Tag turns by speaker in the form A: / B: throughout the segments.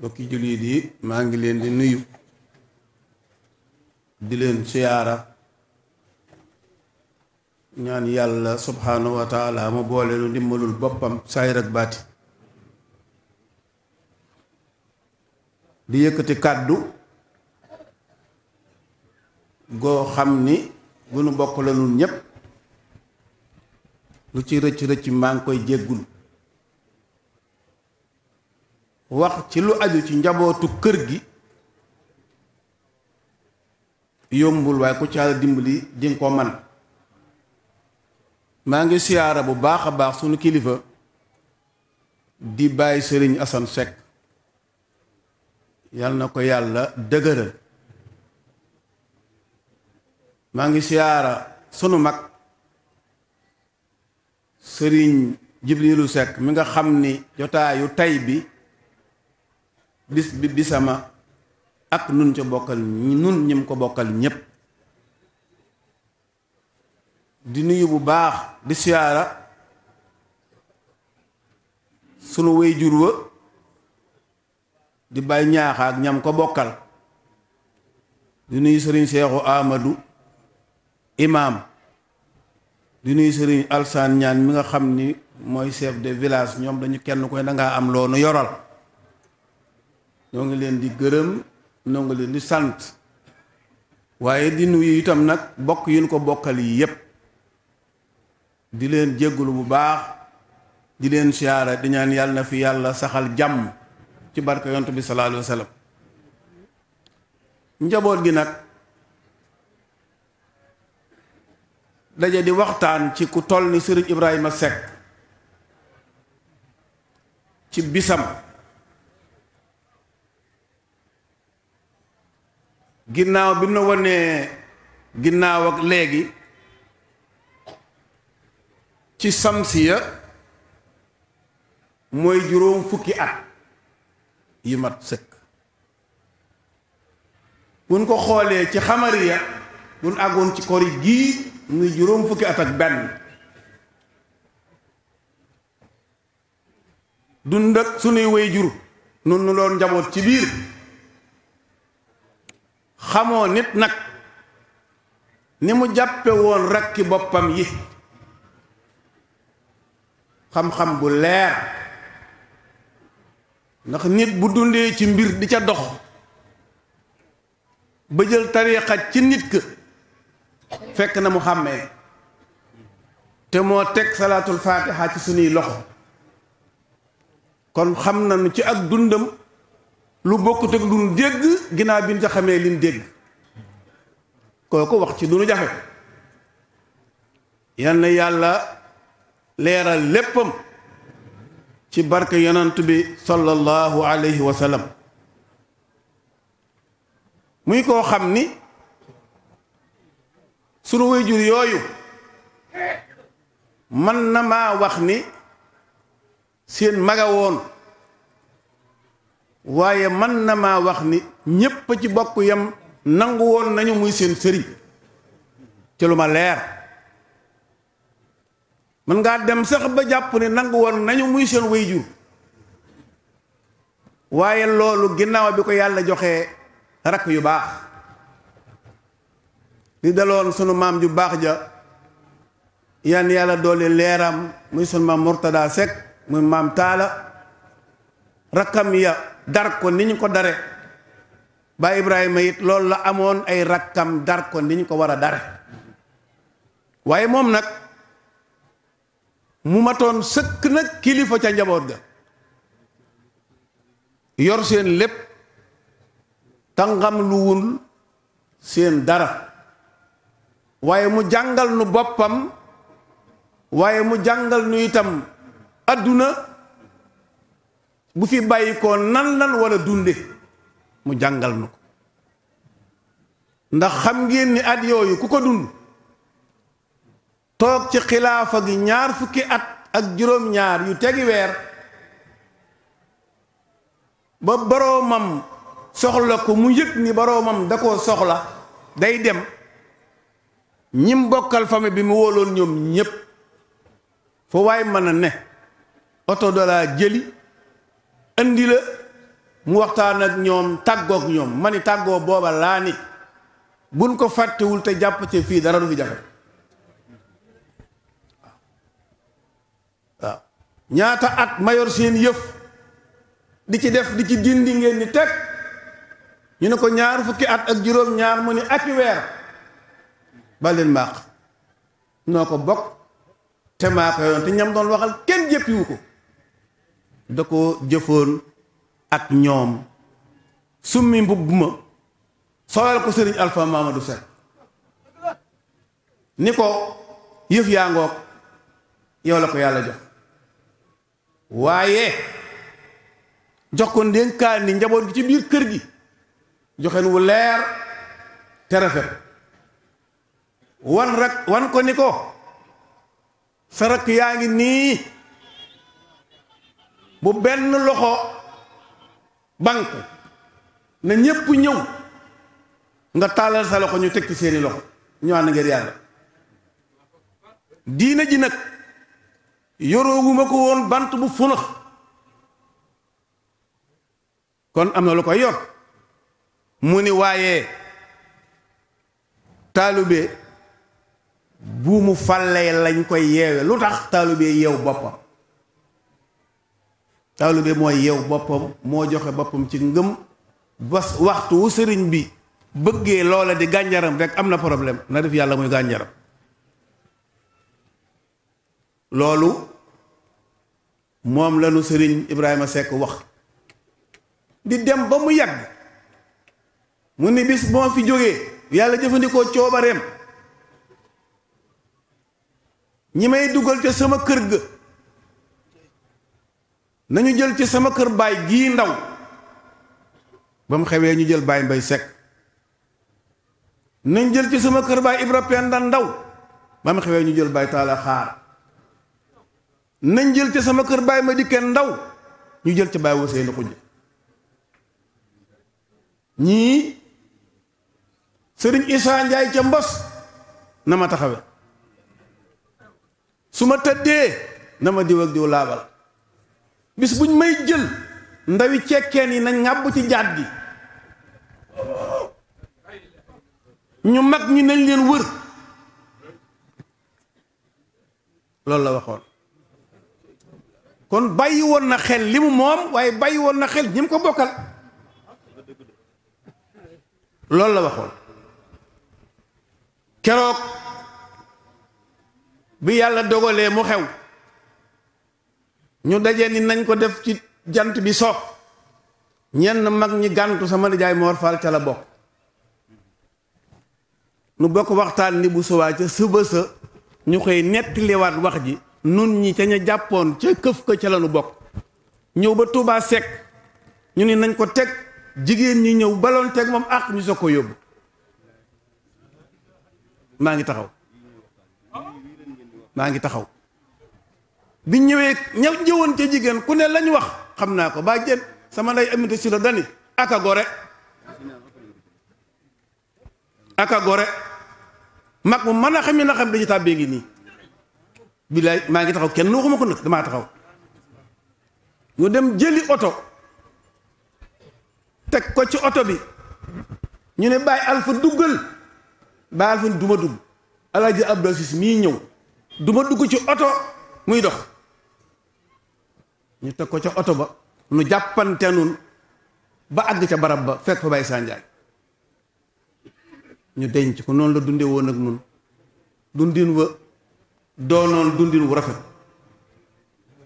A: mbokki jullit yi maa ngi leen di nuyu di leen siyaara ñaan yàlla subhaanahu wa taala mu boole lu ndimbalul boppam saayir ak baati di yëkkati kàddu goo xam ni gunu bokk la ñépp lu ci rëcc rëcc maa ngi koy jéggul wax ci lu aju ci njabootu kër gi yombul waaye ku ci Yàlla dimbali dinga ko man maa ngi siyaara bu baax a baax sunu kilifa di bàyyi sëriñ Assane Seck yal na ko yàlla dëgëral maa ngi siyaara sunu mag sëriñ Jibrilu Seck mi nga xam ni jotaayu tay bi bis bi bisama ak nun ca bokkal nun ñim ko bokkal ñépp di nuyu bu baax di siyaara sunu wéy jur wa di bàyyi ñaaxa ak ñam ko bokkal di nuyu sëriñ seexu amadu imaam di nuyu sëriñ alsaan ñaan mi nga xam ni mooy chef de village ñoom dañu kenn koy dangaa am loonu yoral ñoo ngi leen di gërëm ñoo ngi leen di sant waaye di nuyu itam nag bokk yi ñu ko bokkal yi yépp di leen jéggulu bu baax di leen siyaara di ñaan yàlla na fi yàlla saxal jàmm ci barke yontu bi sallallahu alayhi wa njaboot gi nag daje di waxtaan ci ku toll ni Serigne Ibrahima Seck ci bisam ginnaaw bi nu wanee ginnaaw ak léegi ci samsiya mooy juróom fukki at yi mat sëkk buñ ko xoolee ci xamariya buñ àggoon ci kori gii muy juróom fukki at ak benn dund ak sunuy way jur nun nu doon njaboot ci biir xamoo nit nag ni mu jàppewoon woon rakki boppam yi xam-xam bu leer ndax nit bu dundee ci mbir di ca dox ba jël tariixa ci nit ka fekk na mu xàmmee te moo teg salaatul faatiha ci sunuy loxo kon xam nañu ci ak dundam lu bokkut ak lu nu dégg ginnaaw bi ñu ca xamee li ñu dégg kooku wax ci lu nu jafe yal yàlla leeral léppam ci barke yonent bi sallallahu alayhi wa muy koo xam ni sunu wayjur yooyu mën na maa wax ni seen maga woon waaye man na ma wax ni ñépp ci bokk yam nangu woon nañu muy seen sëriñ ci lu ma leer mën nga dem sax ba jàpp ne nangu woon nañu muy seen wayjur waaye loolu ginnaaw bi ko yàlla joxee rakk yu baax li daloon sunu maam ju baax ja yan yàlla doole leeram muy sunu ma Murtada Seck muy maam Taala rakkam ya dar ko ni ñu ko dare ba Ibrahima it loolu la amoon ay rakkam dar ko ni ñu ko war a dare waaye moom nag mu matoon sëkk nag kilifa ca njaboot ga yor seen lépp tangam lu wul seen dara waaye mu jàngal nu boppam waaye mu jàngal nu itam adduna bu fi bàyyi ko nan lan wala dunde mu jàngal nu ko ndax xam ngeen ni at yooyu ku ko dund toog ci xilaafa gi ñaar fukki at ak juróom-ñaar yu tegi weer ba boroomam soxla ko mu yëg ni boroomam da koo soxla day dem ñim bokkal famille bi mu woloon ñoom ñépp fu waay mën a ne oto dalaa jëli indi la mu waxtaan ak ñoom tàggook ñoom ma ni tàggoo booba laa ni buñ ko fàttewul te jàpp ci fii dara du fi jafe waaw ñaata at mayor seen yëf di ci def di ci dindi ngeen ni teg ñu ne ko ñaar fukki at ak juróom ñaar mu ni ak weer ba leen mbaax noo ko bokk te maa ko yoon te ñam doon waxal kenn jëppiwu ko da ko jëfoon ak ñoom summi mbubb ma solal ko sëriñ Alpha du Seck ni ko yëf yaa ngoog yow la ko yàlla jox waaye jox ko ndénkaan ni njaboot gi ci biir kër gi joxeen wu leer te rafet wan rak wan ko ni ko sa rakk yaa ngi nii bu benn loxo banque na ñépp ñëw nga taalal sa loxo ñu teg ci seeni loxo ñu ànd ngir yàlla diina ji nag yoroowuma ko woon bant bu funax kon am na lu koy yor mu ni waaye taalube buumu mu fàllee lañ koy yeewe lu tax taalube yeew boppam taalibe mooy yow boppam moo joxe boppam ci ngëm bas waxtu sëriñ bi bëggee loola di gànjaram rek am na problème na def yàlla muy gànjaram loolu moom lanu sëriñ Ibrahima Seck wax di dem ba mu yàgg mu ni bis boo fi jógee yàlla jëfandikoo coobareem ñi may dugal ca sama kër ga nañu jël ci sama kër baay gii ndaw ba mu xewee ñu jël baay mbay sekk nañ jël ci sama kër baay Ibra ndaw ba mu xewee ñu jël baay taala xaar nañ jël ci sama kër baay ma dikkee ndaw ñu jël ci baay wasee lu xujj ñii sëriñ Isaa Njaay ca mbos na ma taxawe su ma tëddee na ma diw ak diw laabal bis buñ may jël ndawi cekkeen yi nañ ŋàbb ci jaat gi ñu mag ñu nañ leen wër loolu la waxoon kon bàyyi woon na xel li mu moom waaye bàyyi woon na xel ñi mu ko bokkal loolu la waxoon keroog bi yàlla dogalee mu xew ñu daje ni nañ ko def ci jant bi soo ñenn mag ñi gàntu sama lijaay Mor ca la bokk nu bokk waxtaan ni bu subaa ca suba sa ñu koy nettaliwaat wax ji nun ñi ca ña jàppoon ca këf ka ca la nu bokk ñëw ba tuubaa Seck ñu ni nañ ko teg jigéen ñi ñëw baloon teg moom àq ñu soog ko yóbbu maa ngi taxaw maa ngi taxaw biñ ñëwee ña ñëwoon ca jigéen ku ne lañ wax xam naa ko baa jën sama nday aminte si la dani aka gore aka gore mag mu mën a xam na xam dañu tàbbee ngi nii bilaay maa ngi taxaw kenn waxuma ko nag damaa taxaw ñu dem jëli oto teg ko ci oto bi ñu ne bàyyi alfa duggal bàyyi alfa duma dugg alaaji Abdou Aziz mii ñëw duma dugg ci oto muy dox ñu teg ko ca oto ba nu jàppante nun ba àgg ca barab ba fekk fa Baye Sa ñu denc ko noonu la dunde woon ak nun dundin wa doonoon dundin wu rafet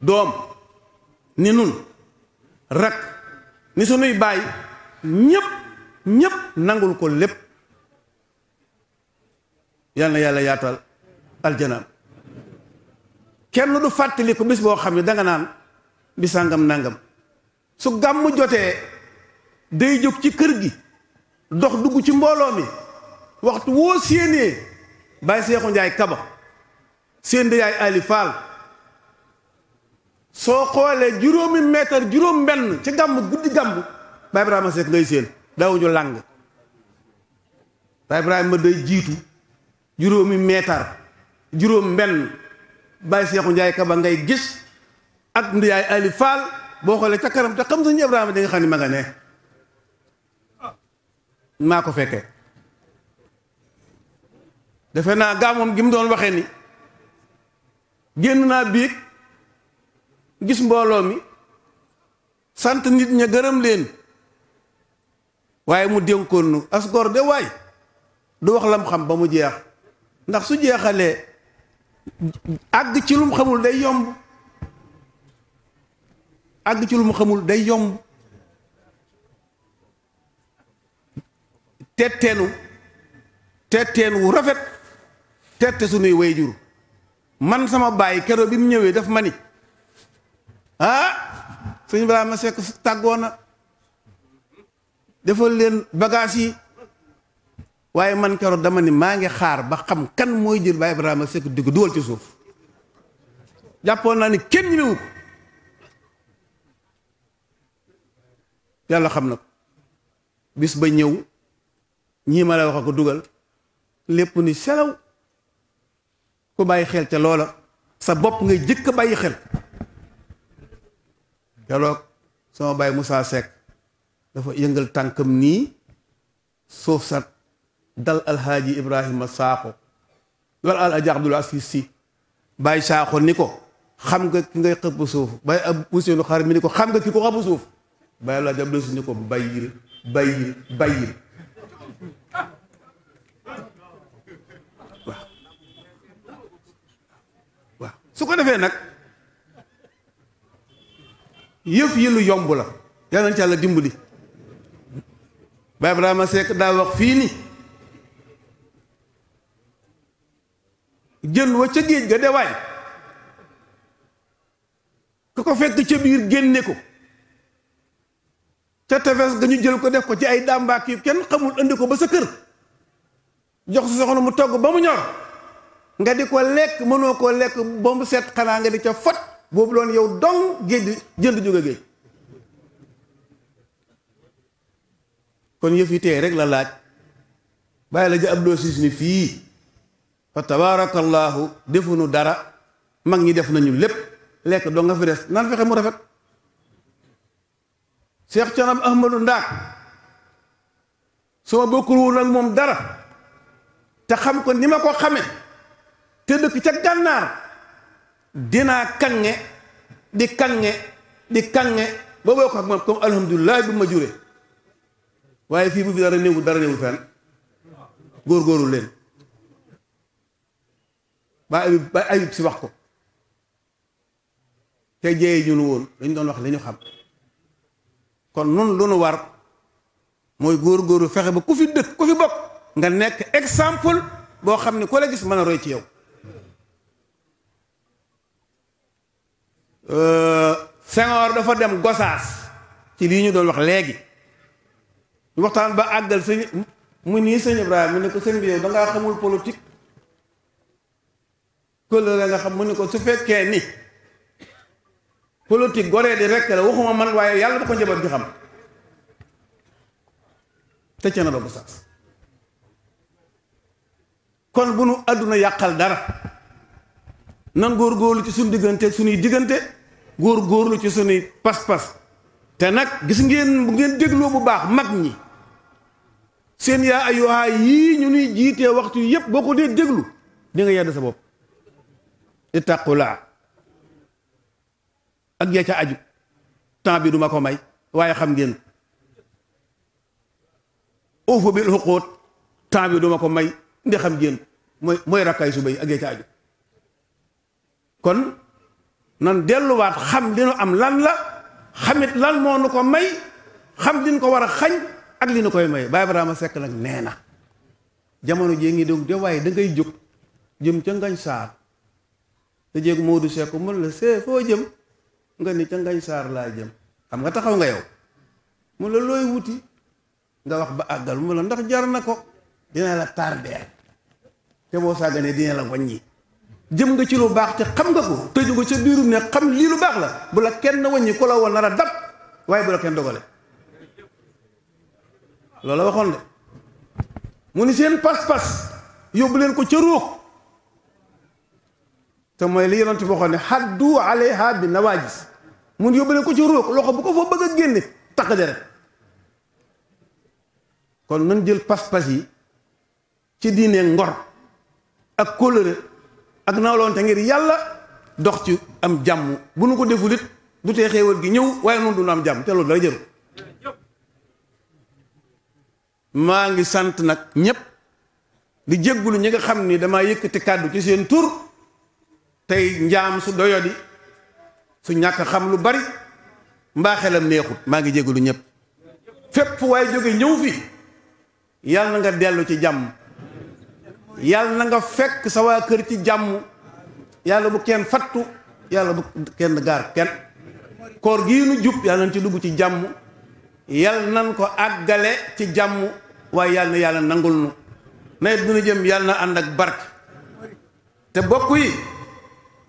A: doom ni nun rak ni sunuy baay ñépp ñépp nangul ko lépp yal yàlla yaatal aljanaam kenn du fàttali ko bis boo xam ne danga naan bi sàngam nàngam su gàmm jotee day jóg ci kër gi dox dugg ci mbooloo mi waxtu woo séenee bàyyi seexu njaay kaba seen di yaay ali faal soo xoolee juróomi mètre juróom benn ci gàmb guddi gàmm Baay Ibrahima Seck ngay làng Baay Ibrahima day jiitu juróomi meetar juróom benn Baay Seexu Njaay Kaba ngay gis ak ndiyaay Ali Fall boo xoolee ca kanam te xam suñu Ibrahima di nga xam ne ma maa ko fekkee defe naa gaamoom gi mu doon waxee ni génn naa biig gis mbooloo mi sant nit ña gërëm leen waaye mu dénkoon nu as góor de waay du wax lam xam ba mu jeex ndax su jeexalee àgg ci lum xamul day yomb àgg ci lu mu xamul day yomb tetteenu tetteen wu rafet tette sunuy wayjur man sama bàyyi kero bi mu ñëwee daf ma ni ah suñu balaa ma sekk tàggoona defal leen bagaas yi waaye man keroog dama ni maa ngi xaar ba xam kan mooy jël Baye Ibrahima Seck di ko dugal ci suuf jàppoon naa ni kenn ñemewu ko yàlla xam na ko bis ba ñëw ñii ma la wax a ko dugal lépp ni selaw ku bàyyi xel ca loola sa bopp ngay jëkk bàyyi xel keroog sama bàyyi Moussa Seck dafa yëngal tànkam nii suuf sa dal alxaaji Ibrahima Saaxo wala alxaaji Abdul Asiis Si bàyyi Saaxo ni ko xam nga ki ngay xëpp suuf bàyyi ab Ousseynou xar mi ni ko xam nga ki ko xëpp suuf bàyyi laa jàpp si ñu ko bàyyil bàyyil bàyyil waaw waaw su ko defee nag yëf yi lu yomb la yàlla na ci yàlla dimbali Baye Ibrahima Seck daa wax fii ni jën wa ca géej ga de waay ku ko fekk ca biir génne ko ca tefes ga ñu jël ko def ko ci ay dàmbaak yu kenn xamul indi ko ba sa kër jox sa soxna mu togg ba mu ñor nga di ko lekk mënoo ko lekk ba mu set xanaa nga di ca fot boobu loolu yow dong géej jënd jóge géej kon yëf rek la laaj bàyyi la ja ab loo siis ni fii fa tabaarakallaahu defuñu dara mag ñi def nañu lépp lekk doo nga fi des nan fexe mu rafet Cheikh Canam Ahmadou Ndaak su ma bokkul woon ak moom dara te xam ko ni ma ko xame te dëkk ca gànnaar dinaa kange di kange di kange ba bokk ak moom comme bi ma jure waaye fii bu fi dara néewul dara néewul fenn góorgóorlu leen ba ayib ba ayib si wax ko te jeeye ñunu woon dañ doon wax li ñu xam kon nun lu nu war mooy góor-góoru fexe ba ku fi dëkk ku fi bokk nga nekk exemple boo xam ne ku la gis mën a roy ci yow euh, Senghor dafa dem Gosaas ci lii ñu doon wax léegi ñu waxtaan ba àggal sëñ mu nii sëñ Ibrahima mu ne ko sëñ bi yow dangaa xamul politique kóllëre nga xam mu ne ko su fekkee ni politique goree di rekk la waxuma man waaye yàlla bu ko njaboot gi xam te cee na ba sax kon bu nu àdduna yàqal dara nan góor góorlu ci suñu diggante suñuy diggante góor góorlu ci suñuy pas-pas te nag gis ngeen ngeen dégloo bu baax mag ñi seen yaa ayyuhaa yii ñu nuy jiitee waxtu yépp boo ko dee déglu di nga yedd sa bopp ittaqulaa ak ya ca aju temps bi duma ko may waaye xam ngeen uufu bil xuquut temps bi duma ko may ndi xam ngeen mooy mooy rakkaay suba yi ak ya ca aju kon nan delluwaat xam li nu am lan la xamit lan moo nu ko may xam liñ ko war a xañ ak li nu koy may Baye Ibrahima sekk nag nee na jamono jee ngi dégg de waaye da ngay jóg jëm ca ngañ saar te jéeg Modou Seck mën la see foo jëm nga ni ca ngañ saar laa jëm xam nga taxaw nga yow mu la looy wuti nga wax ba àggal mu la ndax jar na ko dina la tardeel te boo sàgganee dina la wàññi jëm nga ci lu baax ca xam nga ko tëju ko ca biirum ne xam lii lu baax la bu la kenn wàññi ku la woon nar a dab waaye bu la kenn dogale la waxoon de mu ni seen pas-pas yóbbu leen ko ca ruux te mooy li yonent bi waxoon ne haddu alayha bi nawaajis mun yóbbu ko ci ruux loxo bu ko fa bëgg a génne takk deret kon nan jël pas-pas yi ci diine ngor ak kóllëre ak nawloonte ngir yàlla dox ci am jàmm bu nu ko deful it du tee gi ñëw waaye noonu du am jàmm te loolu dara jëru maa ngi sant nag ñépp di jéggulu ñi nga xam ni damaa yëkkati kàddu ci seen tur tey njaam su doyodi su ñàkk xam lu bari mbaa xelam neexut maa ngi jégalu ñëpp fépp fu waaye jóge ñëw fi yàlla na nga dellu ci jàmm yàlla na nga fekk sa waa kër ci jàmm yàlla bu kenn fattu yàlla bu kenn gaar kenn koor gii nu jub yàlla nañ ci dugg ci jàmm yàlla nan ko àggale ci jàmm waaye yàlla na yàlla nangul nu nawet bi nu jëm yàlla na ànd ak barke te bokk yi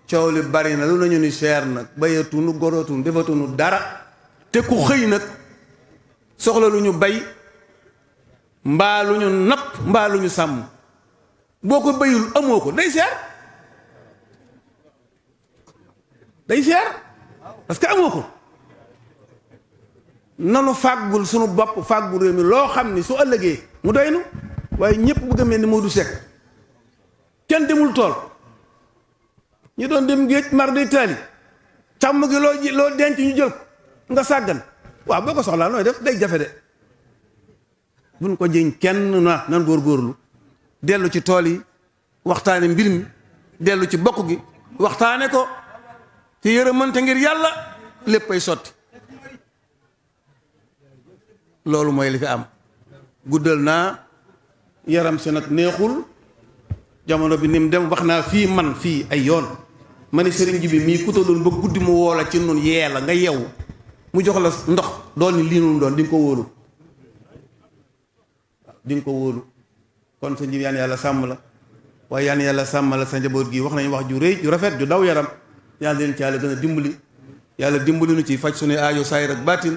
A: coow li bari na lu ñu ni cher nag bayatunu gorotunu defatunu dara te ku xëy nag soxla lu ñu bay mbaa lu ñu napp mbaa lu ñu sàmm boo ko bayul amoo ko day cher day cher parce que amoo ko nanu fàggul sunu bopp fàggul réew mi loo xam ni su ëllëgee mu doy nu waaye ñëpp bu gëmee ni moo du sekk kenn demul tool ñu doon dem géej mar di taali càmm gi loo denc ñu jël ko nga sàggan waaw boo ko soxlaa nooy def day jafe de buñ ko jiñ kenn na nan góorlu dellu ci tool yi waxtaane mbir mi dellu ci bokk gi waxtaane ko ci yërëmante ngir yàlla léppay sotti loolu mooy li fi am guddal naa yaram si nag neexul jamono bi ni mu dem wax naa fii man fii ay yoon ma ne sëriñ ji bi mii kutaloon ba guddi mu woola ci nun yee la nga yeewu mu jox la ndox doon lii nun doon di nga ko wóolu di nga ko wóolu kon sa njib yaan yàlla sàmm la waaye yaan yàlla sàmm sa njaboot gi wax nañu wax ju rëy ju rafet ju daw yaram yàlla leen ci yàlla gën a dimbali yàlla dimbali nu ci faj suñu aajo saayir rek baatin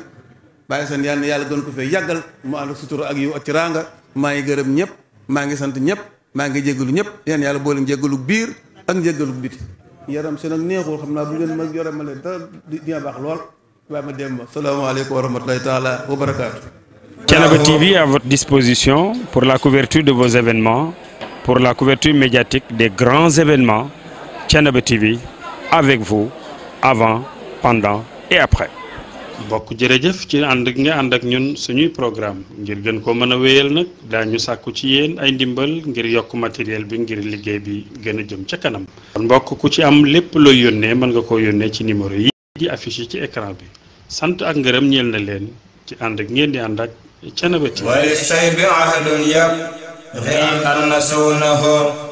A: bàyyi seen yàlla yàlla gën ko fee yàggal mu ànd sutura ak yu ak ci ranga maa ngi gërëm ñëpp maa ngi sant ñëpp maa ngi jégalu ñëpp yàlla boole njégalu biir ak njégalu biti yaram si nag neexul xam naa bu ma yore ma leen baax lool waaye ma dem ba salaamaaleykum wa rahmatulahi taala TV à votre disposition pour la couverture de vos événements pour la couverture médiatique des grands événements Thiénaba TV avec vous avant pendant et après. mbokk jërëjëf ci ànd ak nga ànd ak ñun suñuy programme ngir gën ko mën a wéyal nag daañu sàkku ci yéen ay ndimbal ngir yokk matériel bi ngir liggéey bi gën a jëm ca kanam kon mbokk ku ci am lépp looy yónnee mën nga ko yónnee ci numéro yi di affiché ci écran bi sant ak ngërëm ñeel na leen ci ànd ak ngeen di ànd ak Thiénaba
B: TV